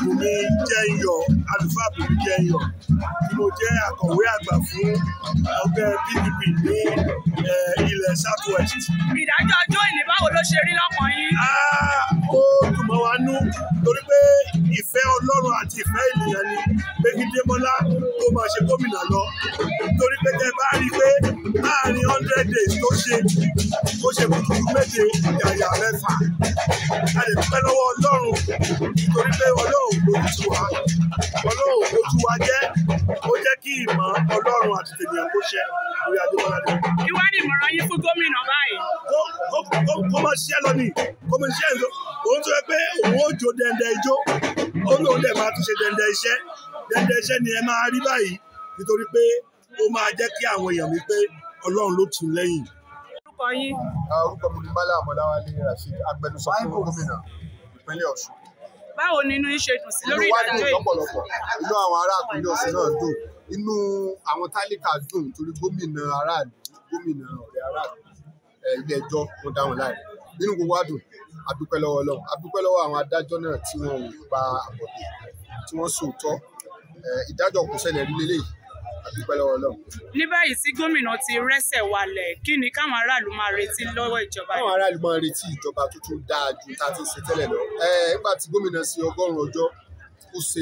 Bùnmi Jẹ́yọ àlùfáà Bùnmi Jẹ́yọ tí mo jẹ́ akọ̀wé àgbà fún ọgbẹ́ PDP ní ilẹ̀ south Ìdájọ́ ọjọ́ ìní báwo ló ṣe rí lọ́kàn yín? Ó dùn mọ́ wa nú torí pé ìfẹ́ Ọlọ́run àti ìfẹ́ ènìyàn ni pé kí Débọ́lá tó máa ṣe gómìnà lọ torí pé tẹ́ bá rí i pé láàrin hundred days tó ṣe tó ṣe kúkúrú méje yàyà mẹ́fà a lè dúpẹ́ lọ́wọ́ ọlọ́run nítorí pé ọlọ́run kò tù wá ọlọ́run kò tù wá jẹ́ ó jẹ́ kí ìmọ̀ ọlọ́run àti tèmíyàn kó ṣẹ lórí adébọ́lá dé. ìwádìí ìmọ̀ràn yín fún gómìnà báyìí. kó máa ṣiṣẹ́ lọ ni kó máa ṣiṣẹ́ lọ òun tó yẹ pé òun ó jó dẹ́ndẹ́ ijó òun lòun dẹ̀ máa tún ṣe dẹ́ndẹ́ iṣẹ́ dẹ́ndẹ́ iṣẹ́ ni ẹ máa rí báyìí nítorí pé ó máa jẹ́ kí àwọn èèyàn mi pé ọlọ́run ló tún lẹ́yìn. orúkọ yín. orúkọ mi ni mala amọláwálé rasheed agbẹnusọ fún gómìnà ìpínlẹ̀ Ọ̀ṣun. báwo ni inú yín ṣe dùn sí lórí ìdájọ́ yìí. inú wa dùn lọ́pọ̀lọpọ̀ inú àwọn ará ìpínlẹ̀ Ọ̀ṣun náà dùn inú àwọn tálíkà dùn torí gómìnà aráàlú gómìnà ọ̀rẹ́ aráàlú ilé ẹjọ́ wọn dáhùn láàrin nínú gbogbo àdùn adúpẹ́ lọ́wọ́ Ọlọ́run adúpẹ́ lọ́wọ́ àwọn adájọ́ náà tí wọ́n ò gba àbọ̀dé tí wọ́n sòótọ́ ìdájọ́ kò ṣẹlẹ̀ rí lélẹ́yìí ní báyìí tí gómìnà ti rẹ́sẹ̀ walẹ̀ kí ni káwọn aráàlú máa retí lọ́wọ́ ìjọba yìí. káwọn aráàlú máa retí ìjọba tuntun dáa ju tá a ti ṣe tẹ́lẹ̀ lọ nígbà tí gómìnà ṣe ọgọ́rùn-ún ọjọ́ ó ṣe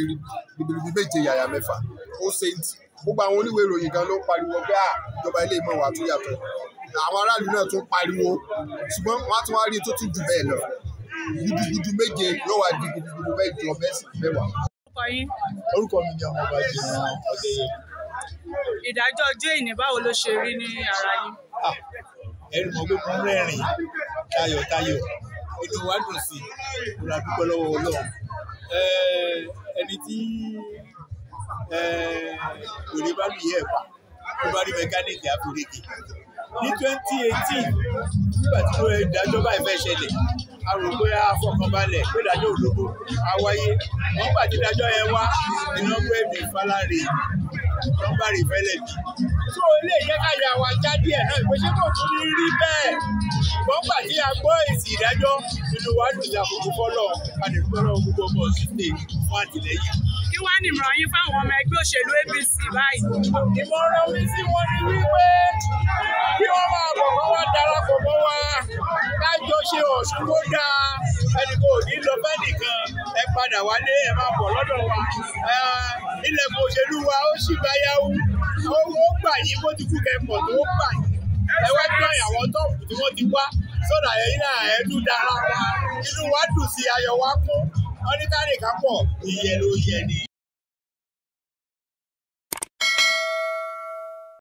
ribiribi méje yàyà mẹ́fà ó ṣe ń tì gbogbo àwọn oníwèé ìròyìn gan ló ń pariwo pé ìjọba ilé ìmọ̀ wà tó yàtọ̀ àwọn aráàlú náà tún pariwo ṣùgbọ́n wọ́n á tún wá rí tó tún jù bẹ́ẹ̀ lọ gudugudu méje yóò wá di gudugudu mẹ́jọ mẹ́sàn-án mẹ́wàá. orúkọ mi ni ọmọ ọba ọdẹ yẹn ìdájọ́ ọjọ́ ìní báwo ló ṣe rí ní ara yín. Ah, ẹrù mọ pé mo ń rẹ́rìn tayọ̀tayọ̀ inú wa dùn sí i mo ra dúpẹ́ lọ́wọ́ ọlọ́run ẹni tí òní bá lù yẹ ẹ̀fà tó bá rí mẹkáníìkì àforíkì ní twenty eighteen nígbà tí mo dájọ́ báyìí fẹ́ ṣẹlẹ̀ a rò pé a fọkànbalẹ̀ pé dájọ́ òdodo a wáyé wọ́n pàdé dájọ́ yẹn wá iná pé mi nọ́mbà rẹ̀ fẹ́lẹ̀ bí. tó o lè yẹ ká yà wá já díẹ̀ náà ìgbésẹ̀ kò tún ní rí bẹ́ẹ̀ ṣùgbọ́n gbà tí a gbọ́ èsì ìdájọ́ nínú wa dùjà kúkú fọ́lọ̀ padà fọ́lọ̀ gbogbo ọmọ sílẹ̀ fún àtìlẹ́yìn. kí wàá nìmọ̀ràn yín fáwọn ọmọ ẹgbẹ́ òṣèlú APC báyìí. ìmọ̀ràn mi sí wọn ni wípé kí wọ́n máa bọ̀ kọ́ wá darapọ̀ mọ́ wa ká jọ ṣe ọ̀ṣun kó dáa ẹnì padà wálé ẹ máa bọ̀ lọ́dọ̀ wa ilẹ̀kùn òṣèlú wa ó sì bá yáwó ó gbà yín bó ti kú kẹ́kọ̀ọ́ tó gbà yín ẹ wá gbọ́ ìyàwó tọ́ọ̀pù tí wọ́n ti wá sọ̀dọ̀ ẹ̀yìn náà ẹ̀ dára wa inú wa dùn sí ayọ̀ wa kún ọ́nítàrí